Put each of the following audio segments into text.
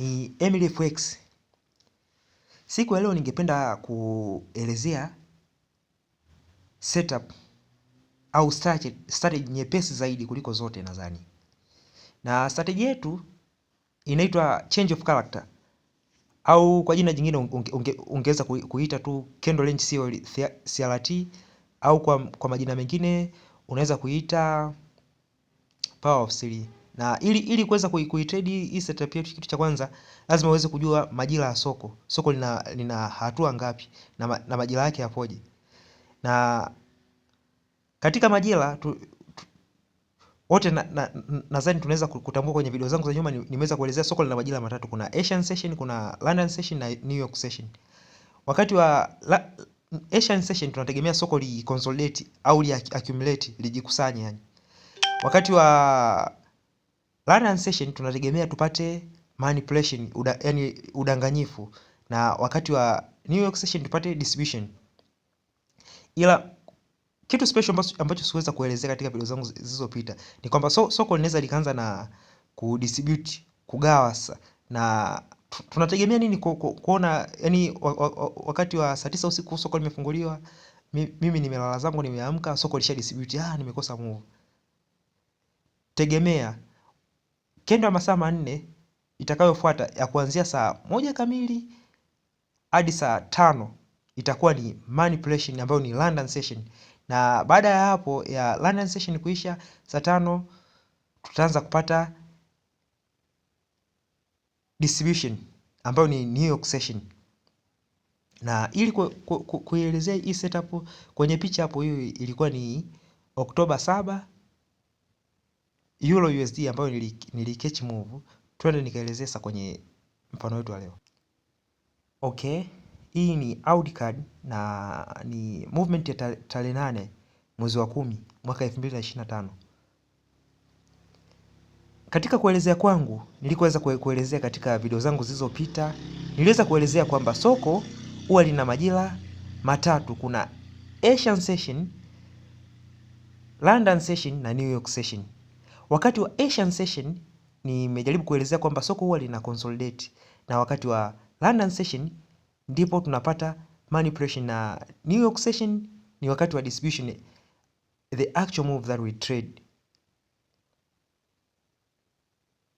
Ni Emily Fox. Siku ya leo ningependa kuelezea setup au strategy nyepesi zaidi kuliko zote nadhani. Na strategy yetu inaitwa change of character au kwa jina jingine ungeweza kuita tu candle range CRT au kwa majina mengine unaweza kuita power of three. Na ili ili kuweza kuitrade hii setup yetu, kitu cha kwanza lazima uweze kujua majira ya soko. Soko lina lina hatua ngapi na, ma, na majira yake yapoje. Na katika majira wote nadhani na, na, na tunaweza kutambua kwenye video zangu za nyuma nimeweza kuelezea soko lina majira matatu. Kuna Asian session, kuna London session na New York session. Wakati wa la, Asian session tunategemea soko li consolidate au li accumulate lijikusanye yani. Wakati wa Variance session tunategemea tupate manipulation uda, yani udanganyifu na wakati wa New York session tupate distribution. Ila kitu special ambacho siweza kuelezea katika video zangu zilizopita ni kwamba so, soko linaweza likaanza na kudistribute, kugawa sasa na tunategemea nini ku, ku, kuona yani wakati wa saa tisa usiku soko limefunguliwa, mi, mimi nimelala zangu, nimeamka soko lisha distribute, ah, nimekosa move. Tegemea kendo ya masaa manne itakayofuata ya kuanzia saa moja kamili hadi saa tano itakuwa ni manipulation ambayo ni London session, na baada ya hapo ya London session kuisha saa tano tutaanza kupata distribution ambayo ni New York session na ili kuielezea hii setup kwenye picha hapo, hiyo ilikuwa ni Oktoba saba Euro USD ambayo nilikechi catch move, twende nikaelezea sasa kwenye mfano wetu wa leo. Okay, hii ni card na ni movement ya tarehe nane mwezi wa kumi mwaka 2025. Katika kuelezea kwangu nilikuweza kuelezea katika video zangu zilizopita, niliweza kuelezea kwamba soko huwa lina majira matatu, kuna Asian session, London session na New York session. Wakati wa Asian session nimejaribu kuelezea kwamba soko huwa lina consolidate na wakati wa London session ndipo tunapata pressure, na New York session ni wakati wa distribution the actual move that we trade.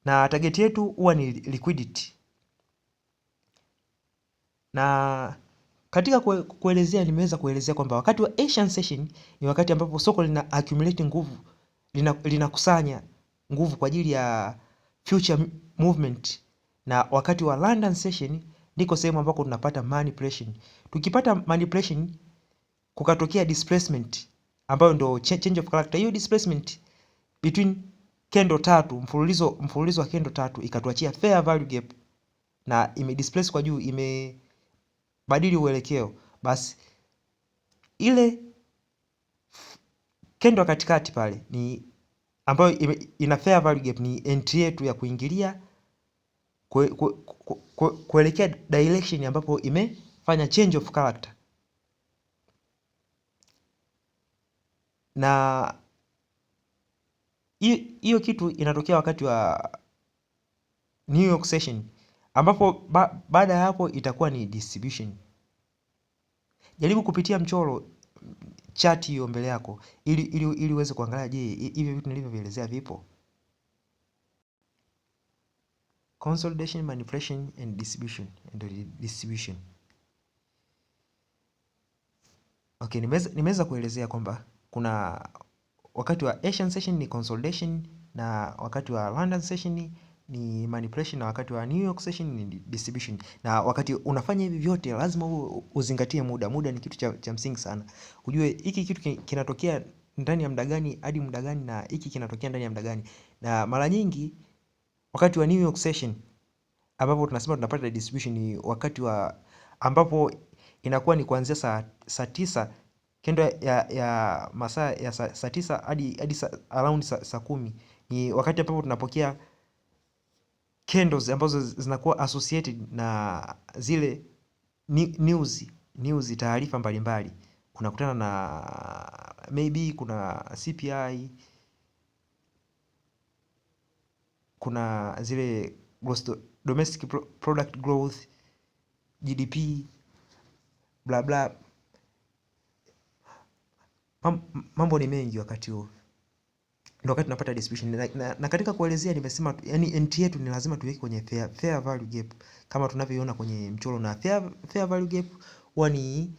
Na target yetu huwa ni liquidity. Na katika kuelezea nimeweza kuelezea kwamba wakati wa Asian session ni wakati ambapo soko lina accumulate nguvu linakusanya lina nguvu kwa ajili ya future movement na wakati wa London session ndiko sehemu ambako tunapata manipulation. Tukipata manipulation kukatokea displacement ambayo ndio change of character. Hiyo displacement between kendo tatu mfululizo mfululizo wa kendo tatu ikatuachia fair value gap na ime displace kwa juu imebadili uelekeo, basi ile Candle katikati pale ni ambayo ina fair value gap ni entry yetu ya kuingilia kuelekea direction ambapo imefanya change of character na hiyo kitu inatokea wakati wa New York session ambapo ba, baada ya hapo itakuwa ni distribution. Jaribu kupitia mchoro chati hiyo mbele yako ili ili ili uweze kuangalia, je, hivi vitu nilivyovielezea vipo. Consolidation, manipulation and distribution and distribution. Okay, nimeweza nimeweza kuelezea kwamba kuna wakati wa Asian session ni consolidation na wakati wa London session ni ni manipulation na wakati wa New York session ni distribution. Na wakati unafanya hivi vyote lazima uzingatie muda. Muda ni kitu cha, cha msingi sana. Ujue hiki kitu kinatokea ndani ya muda gani hadi muda gani na hiki kinatokea ndani ya muda gani. Na mara nyingi wakati wa New York session ambapo tunasema tunapata distribution ni wakati wa ambapo inakuwa ni kuanzia saa, saa tisa kendo ya, ya masaa ya saa, saa tisa hadi hadi around saa, saa kumi ni wakati ambapo tunapokea candles ambazo zinakuwa associated na zile news, news taarifa mbalimbali. Unakutana na maybe kuna CPI, kuna zile domestic product growth, GDP, bla bla. Mambo ni mengi wakati huo ndio wakati tunapata distribution na, na, na katika kuelezea nimesema yani NT yetu ni lazima tuweke kwenye fair, fair value gap kama tunavyoona kwenye mchoro na fair, fair value gap huwa ni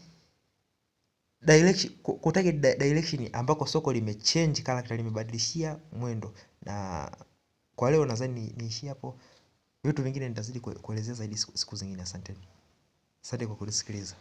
direction kutake direction ambako soko limechange character limebadilishia mwendo na kwa leo nadhani niishie hapo. Vitu vingine nitazidi kuelezea zaidi siku zingine. Asanteni, asante kwa kunisikiliza.